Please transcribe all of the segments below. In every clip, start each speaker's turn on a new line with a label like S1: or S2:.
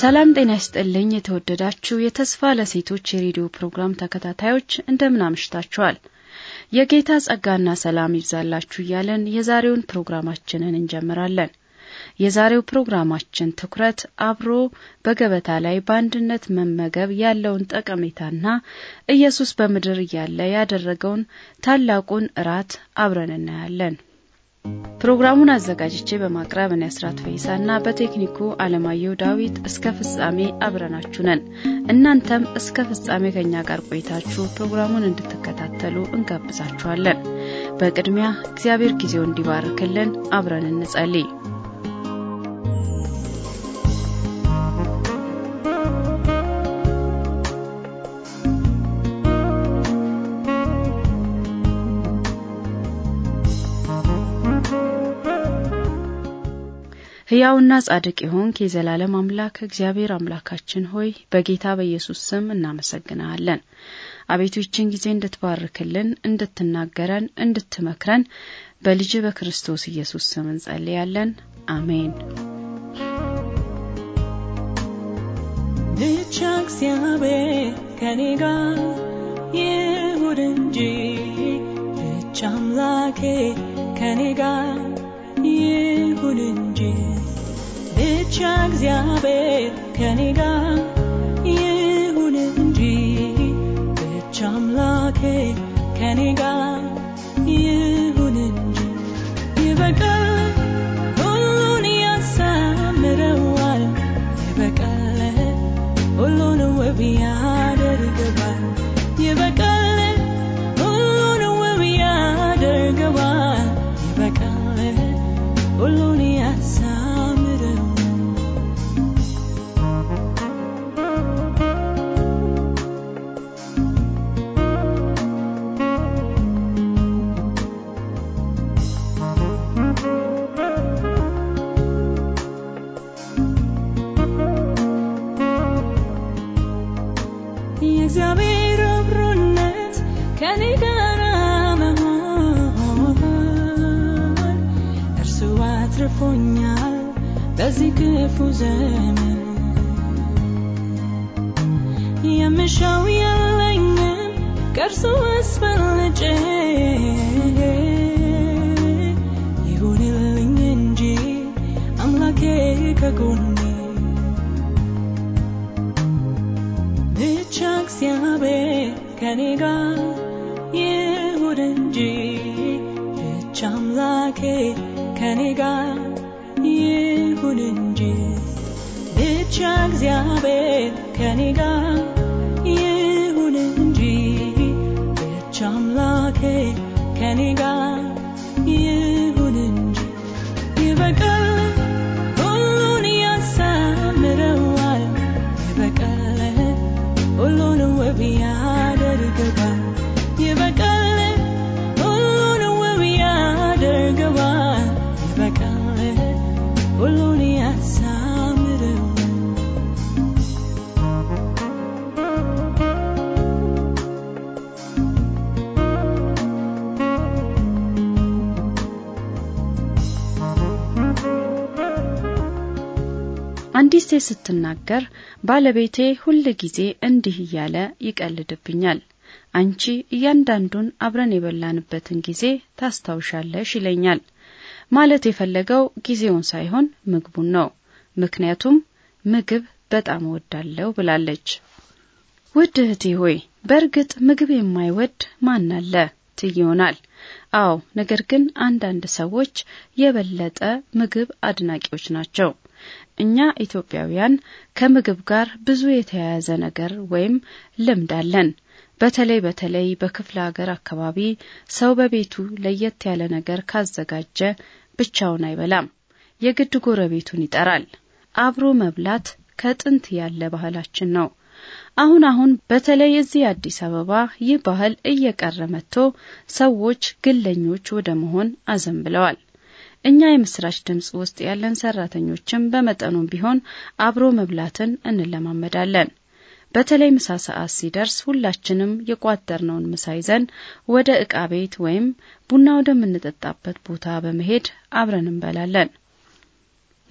S1: ሰላም ጤና ይስጥልኝ። የተወደዳችሁ የተስፋ ለሴቶች የሬዲዮ ፕሮግራም ተከታታዮች እንደምን አምሽታችኋል? የጌታ ጸጋና ሰላም ይብዛላችሁ እያለን የዛሬውን ፕሮግራማችንን እንጀምራለን። የዛሬው ፕሮግራማችን ትኩረት አብሮ በገበታ ላይ በአንድነት መመገብ ያለውን ጠቀሜታና ኢየሱስ በምድር እያለ ያደረገውን ታላቁን እራት አብረን እናያለን። ፕሮግራሙን አዘጋጅቼ በማቅረብ እኔ አስራት ና በቴክኒኩ አለማየሁ ዳዊት እስከ ፍጻሜ አብረናችሁ ነን። እናንተም እስከ ፍጻሜ ከኛ ጋር ቆይታችሁ ፕሮግራሙን እንድትከታተሉ እንጋብዛችኋለን። በቅድሚያ እግዚአብሔር ጊዜው እንዲባርክልን አብረን እንጸልይ። ሕያውና ጻድቅ የሆንክ የዘላለም አምላክ እግዚአብሔር አምላካችን ሆይ በጌታ በኢየሱስ ስም እናመሰግናለን። አቤቱ ይችን ጊዜ እንድትባርክልን፣ እንድትናገረን፣ እንድትመክረን በልጅ በክርስቶስ ኢየሱስ ስም እንጸልያለን። አሜን። ብቻ እግዚአብሔር ከኔ ጋር
S2: ይሁን እንጂ ብቻ አምላኬ ከኔ ጋር ይሁን እንጂ ብቻ እግዚአብሔር ከኔ ጋር ይሁን እንጂ ብቻ አምላኬ ከኔ ጋር ይሁን እንጂ ይበቃል ሁሉን ያሳምረዋል ይበቃል ሁሉን ውብ ያደርገዋል ይበቃል ሁሉን ውብ ያደርገዋል እግዚአብሔር ከኔ ጋር ይሁን እንጂ ብቻ አምላኬ ከኔ ጋር ይሁን እንጂ ይበቃል ሁሉን ያሳምረዋል ይበቃል ሁሉን ውብ
S1: ስትናገር ባለቤቴ ሁል ጊዜ እንዲህ እያለ ይቀልድብኛል። አንቺ እያንዳንዱን አብረን የበላንበትን ጊዜ ታስታውሻለሽ ይለኛል። ማለት የፈለገው ጊዜውን ሳይሆን ምግቡን ነው። ምክንያቱም ምግብ በጣም እወዳለሁ ብላለች። ውድ እህቴ ሆይ በእርግጥ ምግብ የማይወድ ማን አለ ትይሆናል። አዎ፣ ነገር ግን አንዳንድ ሰዎች የበለጠ ምግብ አድናቂዎች ናቸው። እኛ ኢትዮጵያውያን ከምግብ ጋር ብዙ የተያያዘ ነገር ወይም ልምድ አለን። በተለይ በተለይ በክፍለ ሀገር አካባቢ ሰው በቤቱ ለየት ያለ ነገር ካዘጋጀ ብቻውን አይበላም፣ የግድ ጎረቤቱን ይጠራል። አብሮ መብላት ከጥንት ያለ ባህላችን ነው። አሁን አሁን በተለይ እዚህ አዲስ አበባ ይህ ባህል እየቀረ መጥቶ ሰዎች ግለኞች ወደ መሆን አዘንብለዋል። እኛ የምስራች ድምፅ ውስጥ ያለን ሰራተኞችም በመጠኑም ቢሆን አብሮ መብላትን እንለማመዳለን። በተለይ ምሳ ሰዓት ሲደርስ ሁላችንም የቋጠርነውን ምሳ ይዘን ወደ ዕቃ ቤት ወይም ቡና ወደምንጠጣበት ቦታ በመሄድ አብረን እንበላለን።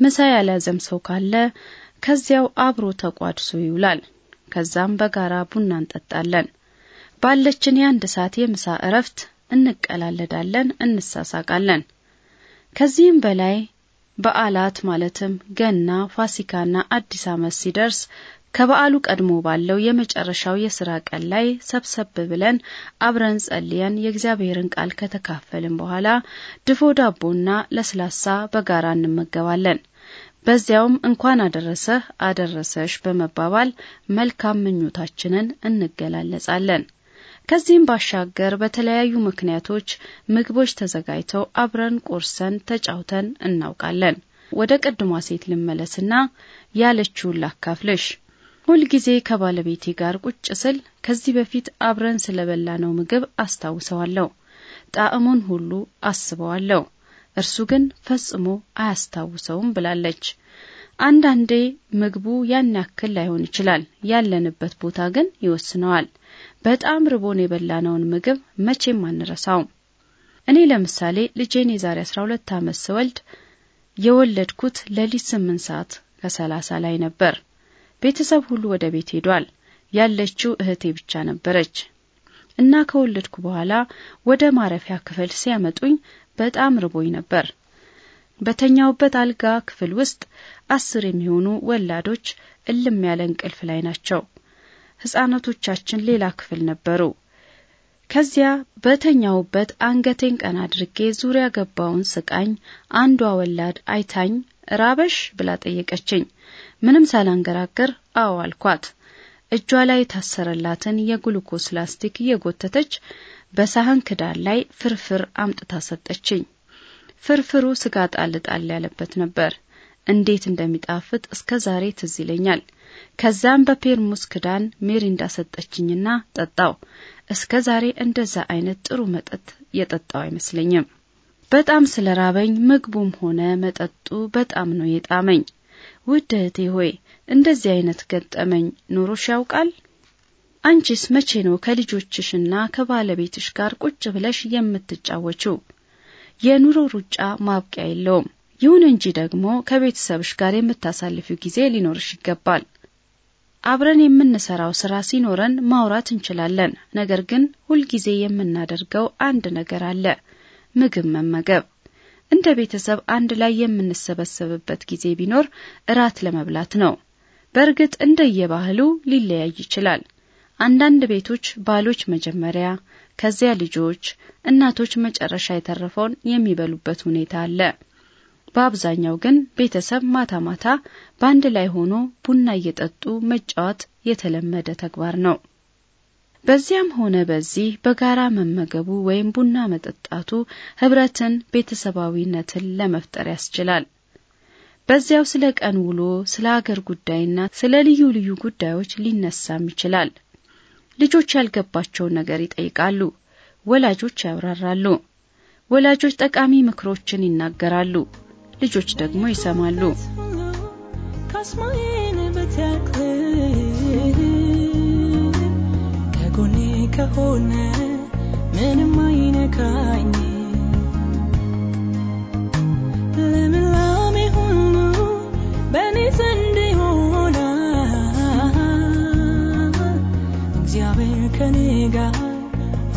S1: ምሳ ያልያዘም ሰው ካለ ከዚያው አብሮ ተቋድሶ ይውላል። ከዛም በጋራ ቡና እንጠጣለን። ባለችን የአንድ ሰዓት የምሳ እረፍት እንቀላለዳለን፣ እንሳሳቃለን። ከዚህም በላይ በዓላት ማለትም ገና፣ ፋሲካና አዲስ ዓመት ሲደርስ ከበዓሉ ቀድሞ ባለው የመጨረሻው የስራ ቀን ላይ ሰብሰብ ብለን አብረን ጸልየን የእግዚአብሔርን ቃል ከተካፈልን በኋላ ድፎ ዳቦና ለስላሳ በጋራ እንመገባለን። በዚያውም እንኳን አደረሰህ አደረሰሽ በመባባል መልካም ምኞታችንን እንገላለጻለን። ከዚህም ባሻገር በተለያዩ ምክንያቶች ምግቦች ተዘጋጅተው አብረን ቆርሰን ተጫውተን እናውቃለን። ወደ ቅድሟ ሴት ልመለስና ያለችውን ላካፍልሽ። ሁልጊዜ ከባለቤቴ ጋር ቁጭ ስል ከዚህ በፊት አብረን ስለበላነው ምግብ አስታውሰዋለሁ። ጣዕሙን ሁሉ አስበዋለሁ። እርሱ ግን ፈጽሞ አያስታውሰውም ብላለች። አንዳንዴ ምግቡ ያን ያክል ላይሆን ይችላል፣ ያለንበት ቦታ ግን ይወስነዋል። በጣም ርቦን የበላነውን ምግብ መቼም አንረሳውም። እኔ ለምሳሌ ልጄን የዛሬ አስራ ሁለት ዓመት ስወልድ የወለድኩት ሌሊት ስምንት ሰዓት ከሰላሳ ላይ ነበር። ቤተሰብ ሁሉ ወደ ቤት ሄዷል። ያለችው እህቴ ብቻ ነበረች እና ከወለድኩ በኋላ ወደ ማረፊያ ክፍል ሲያመጡኝ በጣም ርቦኝ ነበር። በተኛውበት አልጋ ክፍል ውስጥ አስር የሚሆኑ ወላዶች እልም ያለ እንቅልፍ ላይ ናቸው። ሕፃናቶቻችን ሌላ ክፍል ነበሩ። ከዚያ በተኛውበት አንገቴን ቀና አድርጌ ዙሪያ ገባውን ስቃኝ፣ አንዷ ወላድ አይታኝ ራበሽ ብላ ጠየቀችኝ። ምንም ሳላንገራገር አዎ አልኳት። እጇ ላይ የታሰረላትን የግሉኮስ ላስቲክ እየጎተተች በሳህን ክዳን ላይ ፍርፍር አምጥታ ሰጠችኝ። ፍርፍሩ ስጋ ጣል ጣል ያለበት ነበር። እንዴት እንደሚጣፍጥ እስከ ዛሬ ትዝ ይለኛል። ከዛም በፔርሙስ ክዳን ሜሪ እንዳሰጠችኝና ጠጣው። እስከ ዛሬ እንደዛ አይነት ጥሩ መጠጥ የጠጣው አይመስለኝም። በጣም ስለ ራበኝ ምግቡም ሆነ መጠጡ በጣም ነው የጣመኝ። ውድ እህቴ ሆይ እንደዚህ አይነት ገጠመኝ ኑሮሽ ያውቃል? አንቺስ መቼ ነው ከልጆችሽና ከባለቤትሽ ጋር ቁጭ ብለሽ የምትጫወችው? የኑሮ ሩጫ ማብቂያ የለውም። ይሁን እንጂ ደግሞ ከቤተሰብሽ ጋር የምታሳልፊው ጊዜ ሊኖርሽ ይገባል። አብረን የምንሰራው ስራ ሲኖረን ማውራት እንችላለን። ነገር ግን ሁልጊዜ የምናደርገው አንድ ነገር አለ፣ ምግብ መመገብ። እንደ ቤተሰብ አንድ ላይ የምንሰበሰብበት ጊዜ ቢኖር እራት ለመብላት ነው። በእርግጥ እንደየባህሉ ሊለያይ ይችላል። አንዳንድ ቤቶች ባሎች መጀመሪያ፣ ከዚያ ልጆች፣ እናቶች መጨረሻ የተረፈውን የሚበሉበት ሁኔታ አለ። በአብዛኛው ግን ቤተሰብ ማታ ማታ በአንድ ላይ ሆኖ ቡና እየጠጡ መጫወት የተለመደ ተግባር ነው። በዚያም ሆነ በዚህ በጋራ መመገቡ ወይም ቡና መጠጣቱ ህብረትን፣ ቤተሰባዊነትን ለመፍጠር ያስችላል። በዚያው ስለ ቀን ውሎ፣ ስለ አገር ጉዳይና ስለ ልዩ ልዩ ጉዳዮች ሊነሳም ይችላል። ልጆች ያልገባቸውን ነገር ይጠይቃሉ፣ ወላጆች ያብራራሉ። ወላጆች ጠቃሚ ምክሮችን ይናገራሉ። ልጆች ደግሞ ይሰማሉ።
S2: ካስማዬን በተክል ከጎኔ ከሆነ ምንም አይነካኝ ልምላሜ ሁሉ በእኔ ዘንድ ይሆናል። እግዚአብሔር ከኔ ጋር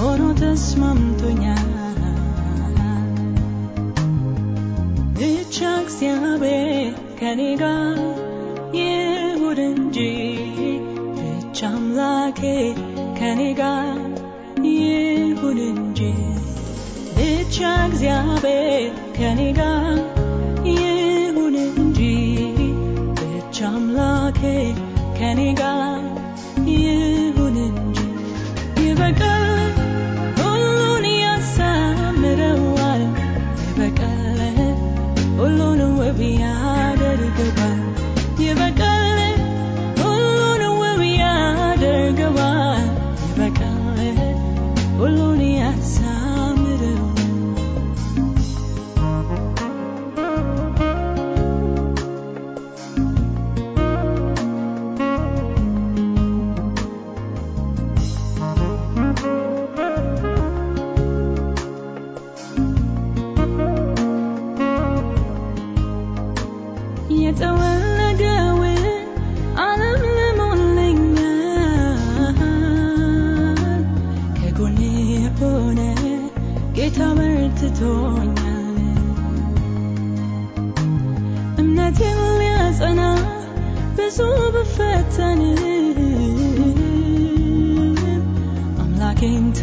S2: ሆኖ ተስማምቶኛል። ብቻ እግዚአብሔር ከኔ ጋር ይሁን እንጂ ብቻ አምላኬ ከኔ ጋር ይሁን እንጂ ብቻ እግዚአብሔር ከኔ ጋር ይሁን እንጂ ብቻ አምላኬ ከኔ ጋር ይሁን እንጂ ይበቃል ሁሉን ያሳምረዋል ይበቃል Ulunu we biada di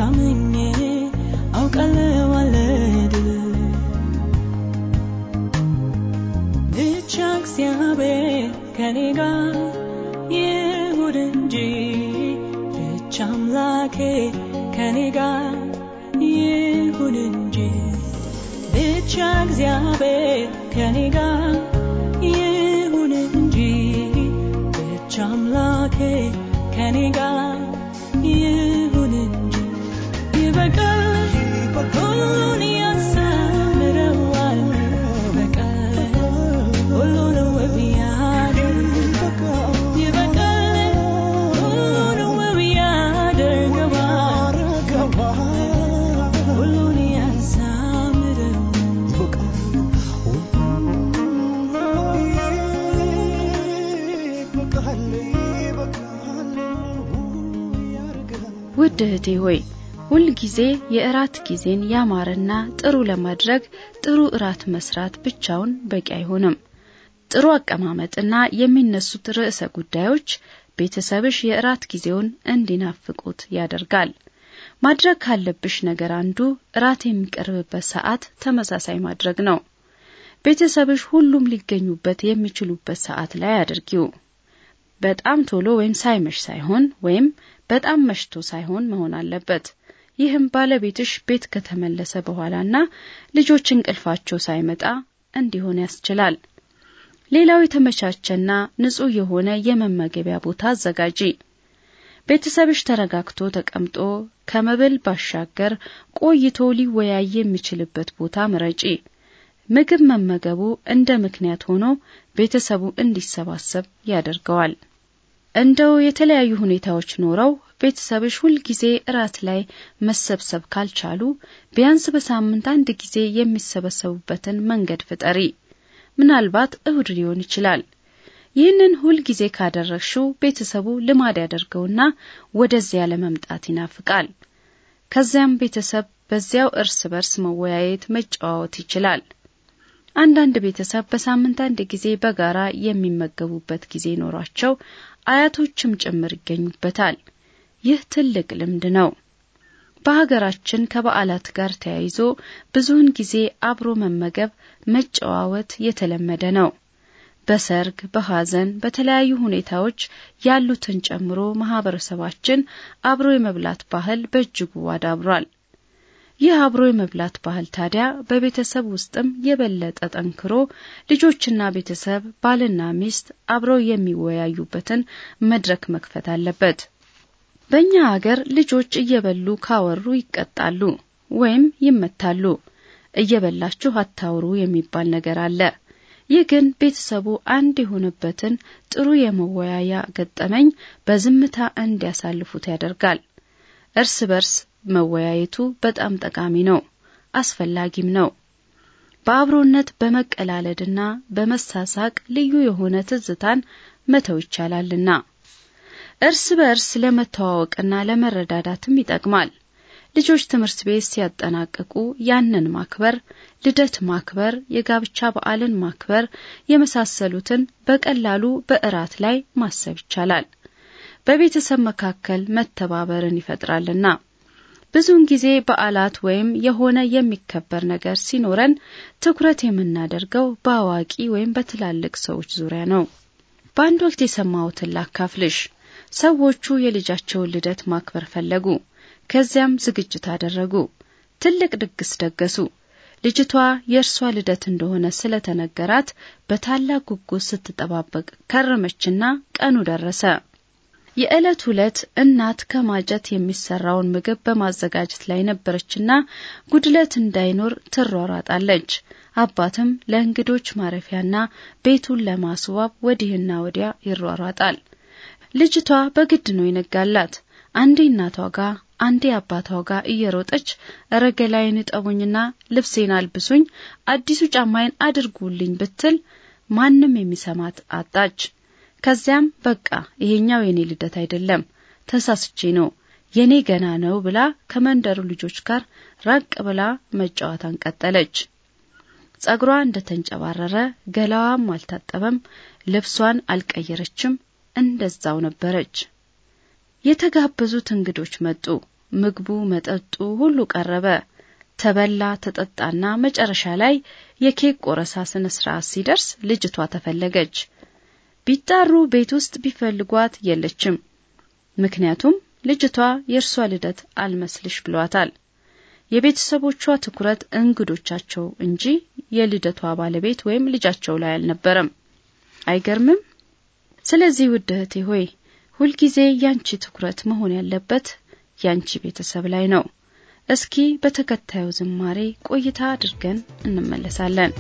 S2: ታምኜ አውቃለሁ አለ ድል ብቻ እግዚአብሔር ከኔ ጋር ይሁን እንጂ ብቻ አምላኬ ከኔ ጋር ይሁን እንጂ ብቻ እግዚአብሔር ከኔ ጋር ይሁን እንጂ ብቻ አምላኬ ከኔ ጋር
S1: ውድ እህቴ ሆይ ሁልጊዜ የእራት ጊዜን ያማረና ጥሩ ለማድረግ ጥሩ እራት መስራት ብቻውን በቂ አይሆንም። ጥሩ አቀማመጥና የሚነሱት ርዕሰ ጉዳዮች ቤተሰብሽ የእራት ጊዜውን እንዲናፍቁት ያደርጋል። ማድረግ ካለብሽ ነገር አንዱ እራት የሚቀርብበት ሰዓት ተመሳሳይ ማድረግ ነው። ቤተሰብሽ ሁሉም ሊገኙበት የሚችሉበት ሰዓት ላይ አድርጊው። በጣም ቶሎ ወይም ሳይመሽ ሳይሆን ወይም በጣም መሽቶ ሳይሆን መሆን አለበት። ይህም ባለቤትሽ ቤት ከተመለሰ በኋላና ልጆች እንቅልፋቸው ሳይመጣ እንዲሆን ያስችላል። ሌላው የተመቻቸና ንጹህ የሆነ የመመገቢያ ቦታ አዘጋጂ። ቤተሰብሽ ተረጋግቶ ተቀምጦ ከመብል ባሻገር ቆይቶ ሊወያይ የሚችልበት ቦታ ምረጪ። ምግብ መመገቡ እንደ ምክንያት ሆኖ ቤተሰቡ እንዲሰባሰብ ያደርገዋል። እንደው የተለያዩ ሁኔታዎች ኖረው ቤተሰብሽ ሁልጊዜ እራት ላይ መሰብሰብ ካልቻሉ ቢያንስ በሳምንት አንድ ጊዜ የሚሰበሰቡበትን መንገድ ፍጠሪ። ምናልባት እሁድ ሊሆን ይችላል። ይህንን ሁልጊዜ ካደረግሽው ቤተሰቡ ልማድ ያደርገውና ወደዚያ ለመምጣት ይናፍቃል። ከዚያም ቤተሰብ በዚያው እርስ በርስ መወያየት፣ መጨዋወት ይችላል። አንዳንድ ቤተሰብ በሳምንት አንድ ጊዜ በጋራ የሚመገቡበት ጊዜ ኖሯቸው አያቶችም ጭምር ይገኙበታል። ይህ ትልቅ ልምድ ነው። በሀገራችን ከበዓላት ጋር ተያይዞ ብዙውን ጊዜ አብሮ መመገብ፣ መጨዋወት የተለመደ ነው። በሰርግ፣ በሐዘን፣ በተለያዩ ሁኔታዎች ያሉትን ጨምሮ ማህበረሰባችን አብሮ የመብላት ባህል በእጅጉ አዳብሯል። ይህ አብሮ የመብላት ባህል ታዲያ በቤተሰብ ውስጥም የበለጠ ጠንክሮ ልጆችና ቤተሰብ ባልና ሚስት አብረው የሚወያዩበትን መድረክ መክፈት አለበት። በእኛ አገር ልጆች እየበሉ ካወሩ ይቀጣሉ ወይም ይመታሉ። እየበላችሁ አታውሩ የሚባል ነገር አለ። ይህ ግን ቤተሰቡ አንድ የሆነበትን ጥሩ የመወያያ ገጠመኝ በዝምታ እንዲያሳልፉት ያደርጋል። እርስ በርስ መወያየቱ በጣም ጠቃሚ ነው፣ አስፈላጊም ነው። በአብሮነት በመቀላለድና በመሳሳቅ ልዩ የሆነ ትዝታን መተው ይቻላልና እርስ በእርስ ለመተዋወቅና ለመረዳዳትም ይጠቅማል። ልጆች ትምህርት ቤት ሲያጠናቅቁ ያንን ማክበር፣ ልደት ማክበር፣ የጋብቻ በዓልን ማክበር የመሳሰሉትን በቀላሉ በእራት ላይ ማሰብ ይቻላል። በቤተሰብ መካከል መተባበርን ይፈጥራልና ብዙውን ጊዜ በዓላት ወይም የሆነ የሚከበር ነገር ሲኖረን ትኩረት የምናደርገው በአዋቂ ወይም በትላልቅ ሰዎች ዙሪያ ነው። በአንድ ወቅት የሰማሁትን ላካፍልሽ። ሰዎቹ የልጃቸውን ልደት ማክበር ፈለጉ። ከዚያም ዝግጅት አደረጉ። ትልቅ ድግስ ደገሱ። ልጅቷ የእርሷ ልደት እንደሆነ ስለተነገራት በታላቅ ጉጉት ስትጠባበቅ ከረመችና ቀኑ ደረሰ። የዕለት ዕለት እናት ከማጀት የሚሰራውን ምግብ በማዘጋጀት ላይ ነበረችና ጉድለት እንዳይኖር ትሯሯጣለች። አባትም ለእንግዶች ማረፊያና ቤቱን ለማስዋብ ወዲህና ወዲያ ይሯሯጣል። ልጅቷ በግድ ነው ይነጋላት። አንዴ እናቷ ጋ አንዴ አባቷ ጋር እየሮጠች ረገላይን ገላዬን እጠቡኝና ልብሴን አልብሱኝ፣ አዲሱ ጫማዬን አድርጉልኝ ብትል ማንም የሚሰማት አጣች። ከዚያም በቃ ይሄኛው የኔ ልደት አይደለም ተሳስቼ ነው የኔ ገና ነው ብላ ከመንደሩ ልጆች ጋር ራቅ ብላ መጫወታን ቀጠለች። ጸጉሯ እንደተንጨባረረ ገላዋም አልታጠበም፣ ልብሷን አልቀየረችም፣ እንደዛው ነበረች። የተጋበዙት እንግዶች መጡ። ምግቡ፣ መጠጡ ሁሉ ቀረበ፣ ተበላ፣ ተጠጣና መጨረሻ ላይ የኬክ ቆረሳ ስነ ስርዓት ሲደርስ ልጅቷ ተፈለገች። ቢጣሩ ቤት ውስጥ ቢፈልጓት የለችም። ምክንያቱም ልጅቷ የእርሷ ልደት አልመስልሽ ብሏታል። የቤተሰቦቿ ትኩረት እንግዶቻቸው እንጂ የልደቷ ባለቤት ወይም ልጃቸው ላይ አልነበረም። አይገርምም? ስለዚህ ውድ እህቴ ሆይ ሁልጊዜ ያንቺ ትኩረት መሆን ያለበት ያንቺ ቤተሰብ ላይ ነው። እስኪ በተከታዩ ዝማሬ ቆይታ አድርገን እንመለሳለን።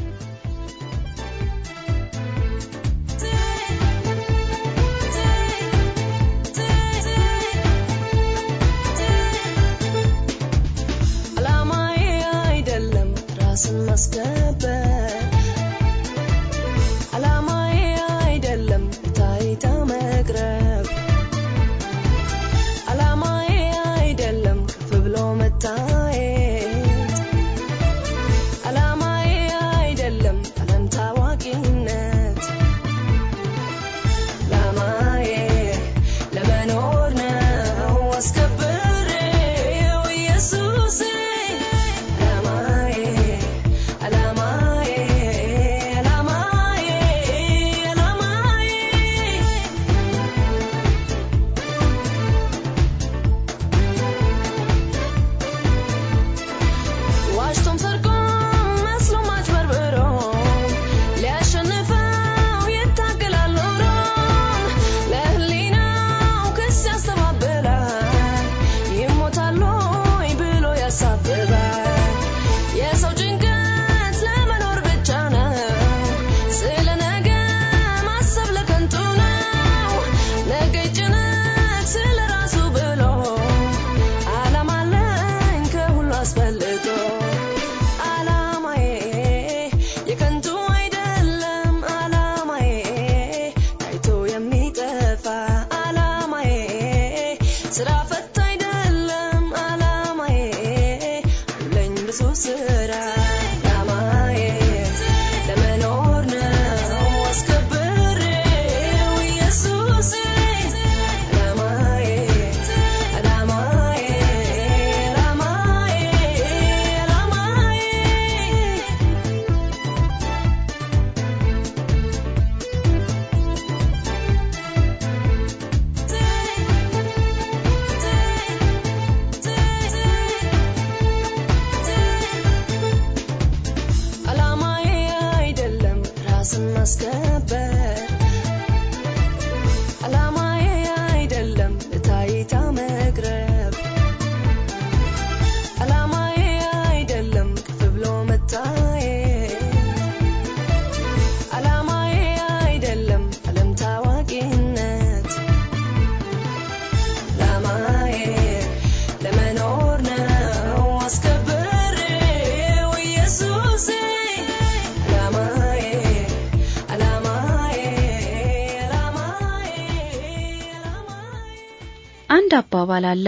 S1: አባባል አለ፣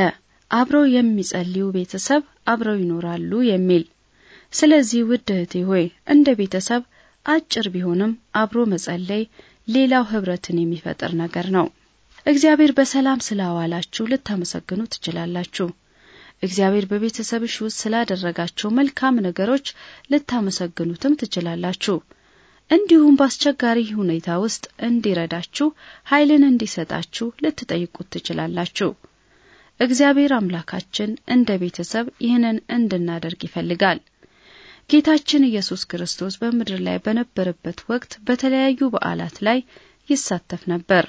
S1: አብረው የሚጸልዩ ቤተሰብ አብረው ይኖራሉ የሚል። ስለዚህ ውድ እህቴ ሆይ እንደ ቤተሰብ አጭር ቢሆንም አብሮ መጸለይ ሌላው ህብረትን የሚፈጥር ነገር ነው። እግዚአብሔር በሰላም ስላዋላችሁ ልታመሰግኑ ትችላላችሁ። እግዚአብሔር በቤተሰብሽ ውስጥ ስላደረጋቸው መልካም ነገሮች ልታመሰግኑትም ትችላላችሁ። እንዲሁም በአስቸጋሪ ሁኔታ ውስጥ እንዲረዳችሁ ኃይልን እንዲሰጣችሁ ልትጠይቁት ትችላላችሁ። እግዚአብሔር አምላካችን እንደ ቤተሰብ ይህንን እንድናደርግ ይፈልጋል። ጌታችን ኢየሱስ ክርስቶስ በምድር ላይ በነበረበት ወቅት በተለያዩ በዓላት ላይ ይሳተፍ ነበር።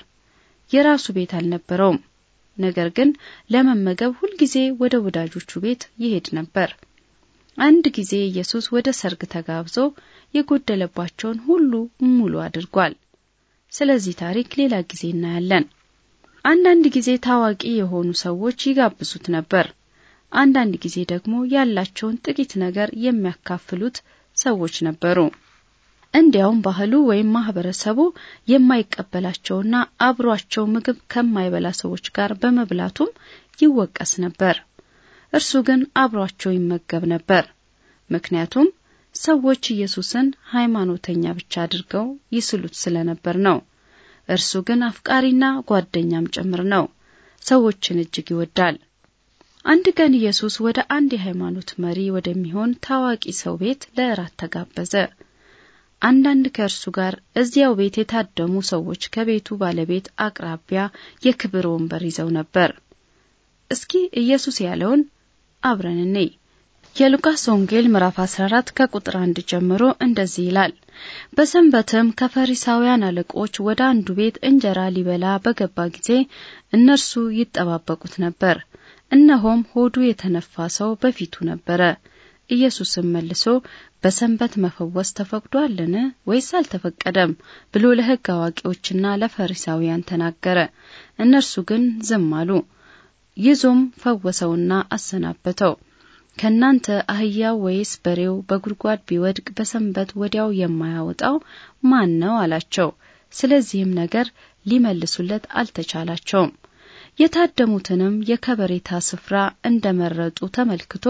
S1: የራሱ ቤት አልነበረውም። ነገር ግን ለመመገብ ሁልጊዜ ወደ ወዳጆቹ ቤት ይሄድ ነበር። አንድ ጊዜ ኢየሱስ ወደ ሰርግ ተጋብዞ የጎደለባቸውን ሁሉ ሙሉ አድርጓል። ስለዚህ ታሪክ ሌላ ጊዜ እናያለን። አንዳንድ ጊዜ ታዋቂ የሆኑ ሰዎች ይጋብዙት ነበር። አንዳንድ ጊዜ ደግሞ ያላቸውን ጥቂት ነገር የሚያካፍሉት ሰዎች ነበሩ። እንዲያውም ባህሉ ወይም ማህበረሰቡ የማይቀበላቸውና አብሯቸው ምግብ ከማይበላ ሰዎች ጋር በመብላቱም ይወቀስ ነበር። እርሱ ግን አብሯቸው ይመገብ ነበር። ምክንያቱም ሰዎች ኢየሱስን ሃይማኖተኛ ብቻ አድርገው ይስሉት ስለነበር ነው። እርሱ ግን አፍቃሪና ጓደኛም ጭምር ነው። ሰዎችን እጅግ ይወዳል። አንድ ቀን ኢየሱስ ወደ አንድ የሃይማኖት መሪ ወደሚሆን ታዋቂ ሰው ቤት ለእራት ተጋበዘ። አንዳንድ ከእርሱ ጋር እዚያው ቤት የታደሙ ሰዎች ከቤቱ ባለቤት አቅራቢያ የክብር ወንበር ይዘው ነበር። እስኪ ኢየሱስ ያለውን አብረን እኔ የሉቃስ ወንጌል ምዕራፍ 14 ከቁጥር አንድ ጀምሮ እንደዚህ ይላል። በሰንበትም ከፈሪሳውያን አለቆች ወደ አንዱ ቤት እንጀራ ሊበላ በገባ ጊዜ እነርሱ ይጠባበቁት ነበር። እነሆም ሆዱ የተነፋ ሰው በፊቱ ነበረ። ኢየሱስም መልሶ በሰንበት መፈወስ ተፈቅዷልን ወይስ አልተፈቀደም ብሎ ለሕግ አዋቂዎችና ለፈሪሳውያን ተናገረ። እነርሱ ግን ዝም አሉ። ይዞም ፈወሰውና አሰናበተው። ከእናንተ አህያው ወይስ በሬው በጉድጓድ ቢወድቅ በሰንበት ወዲያው የማያወጣው ማን ነው አላቸው። ስለዚህም ነገር ሊመልሱለት አልተቻላቸውም። የታደሙትንም የከበሬታ ስፍራ እንደ መረጡ ተመልክቶ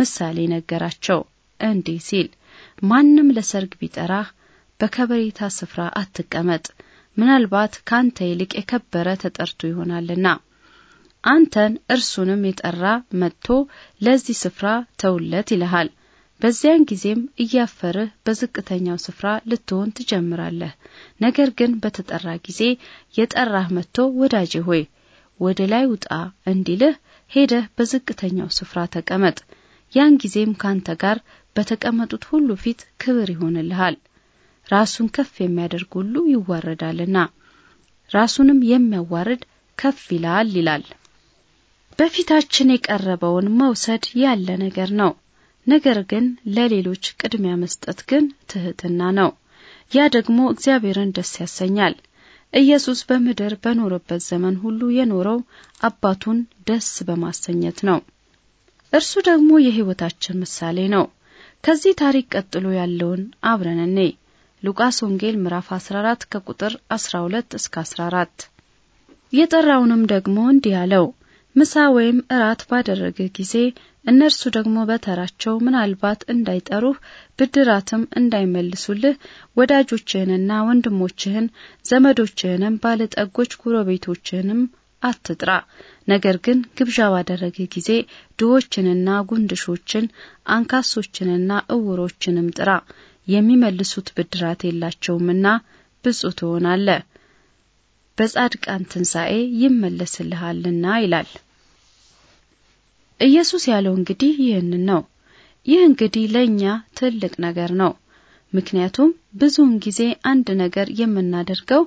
S1: ምሳሌ ነገራቸው እንዲህ ሲል ማንም ለሰርግ ቢጠራህ በከበሬታ ስፍራ አትቀመጥ፣ ምናልባት ካንተ ይልቅ የከበረ ተጠርቶ ይሆናልና አንተን እርሱንም የጠራ መጥቶ ለዚህ ስፍራ ተውለት ይልሃል። በዚያን ጊዜም እያፈርህ በዝቅተኛው ስፍራ ልትሆን ትጀምራለህ። ነገር ግን በተጠራ ጊዜ የጠራህ መጥቶ ወዳጄ ሆይ ወደ ላይ ውጣ እንዲልህ ሄደህ በዝቅተኛው ስፍራ ተቀመጥ። ያን ጊዜም ካንተ ጋር በተቀመጡት ሁሉ ፊት ክብር ይሆንልሃል። ራሱን ከፍ የሚያደርግ ሁሉ ይዋረዳልና ራሱንም የሚያዋርድ ከፍ ይላል ይላል። በፊታችን የቀረበውን መውሰድ ያለ ነገር ነው። ነገር ግን ለሌሎች ቅድሚያ መስጠት ግን ትህትና ነው። ያ ደግሞ እግዚአብሔርን ደስ ያሰኛል። ኢየሱስ በምድር በኖረበት ዘመን ሁሉ የኖረው አባቱን ደስ በማሰኘት ነው። እርሱ ደግሞ የሕይወታችን ምሳሌ ነው። ከዚህ ታሪክ ቀጥሎ ያለውን አብረን እኔ ሉቃስ ወንጌል ምዕራፍ 14 ከቁጥር 12 እስከ 14 የጠራውንም ደግሞ እንዲህ አለው ምሳ ወይም እራት ባደረገ ጊዜ እነርሱ ደግሞ በተራቸው ምናልባት እንዳይጠሩህ ብድራትም እንዳይመልሱልህ ወዳጆችህንና ወንድሞችህን ዘመዶችህንም ባለጠጎች ጉረቤቶችህንም አትጥራ። ነገር ግን ግብዣ ባደረገ ጊዜ ድሆችንና ጉንድሾችን አንካሶችንና እውሮችንም ጥራ፣ የሚመልሱት ብድራት የላቸውምና ብፁ ትሆናለ በጻድቃን ትንሣኤ ይመለስልሃልና ይላል። ኢየሱስ ያለው እንግዲህ ይህንን ነው። ይህ እንግዲህ ለእኛ ትልቅ ነገር ነው። ምክንያቱም ብዙውን ጊዜ አንድ ነገር የምናደርገው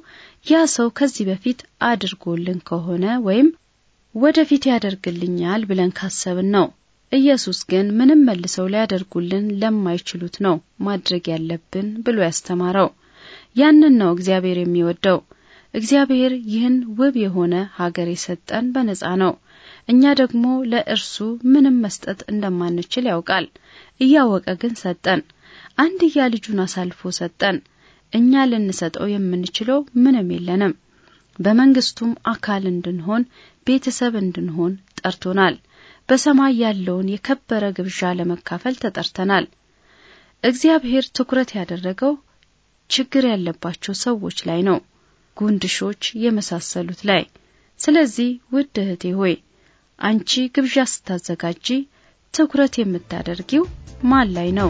S1: ያ ሰው ከዚህ በፊት አድርጎልን ከሆነ ወይም ወደፊት ያደርግልኛል ብለን ካሰብን ነው። ኢየሱስ ግን ምንም መልሰው ሊያደርጉልን ለማይችሉት ነው ማድረግ ያለብን ብሎ ያስተማረው። ያንን ነው እግዚአብሔር የሚወደው። እግዚአብሔር ይህን ውብ የሆነ ሀገር የሰጠን በነጻ ነው። እኛ ደግሞ ለእርሱ ምንም መስጠት እንደማንችል ያውቃል። እያወቀ ግን ሰጠን፣ አንድያ ልጁን አሳልፎ ሰጠን። እኛ ልንሰጠው የምንችለው ምንም የለንም። በመንግስቱም አካል እንድንሆን ቤተሰብ እንድንሆን ጠርቶናል። በሰማይ ያለውን የከበረ ግብዣ ለመካፈል ተጠርተናል። እግዚአብሔር ትኩረት ያደረገው ችግር ያለባቸው ሰዎች ላይ ነው፣ ጉንድሾች የመሳሰሉት ላይ። ስለዚህ ውድ እህቴ ሆይ አንቺ ግብዣ ስታዘጋጂ ትኩረት የምታደርጊው ማን ላይ ነው?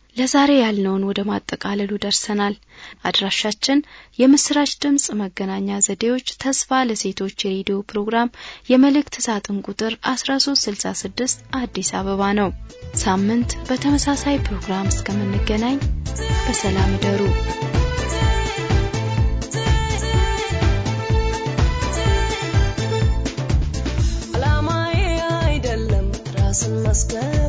S1: ለዛሬ ያልነውን ወደ ማጠቃለሉ ደርሰናል። አድራሻችን የምስራች ድምጽ መገናኛ ዘዴዎች ተስፋ ለሴቶች የሬዲዮ ፕሮግራም የመልእክት ሳጥን ቁጥር 1366 አዲስ አበባ ነው። ሳምንት በተመሳሳይ ፕሮግራም እስከምንገናኝ በሰላም ደሩ።
S3: I'm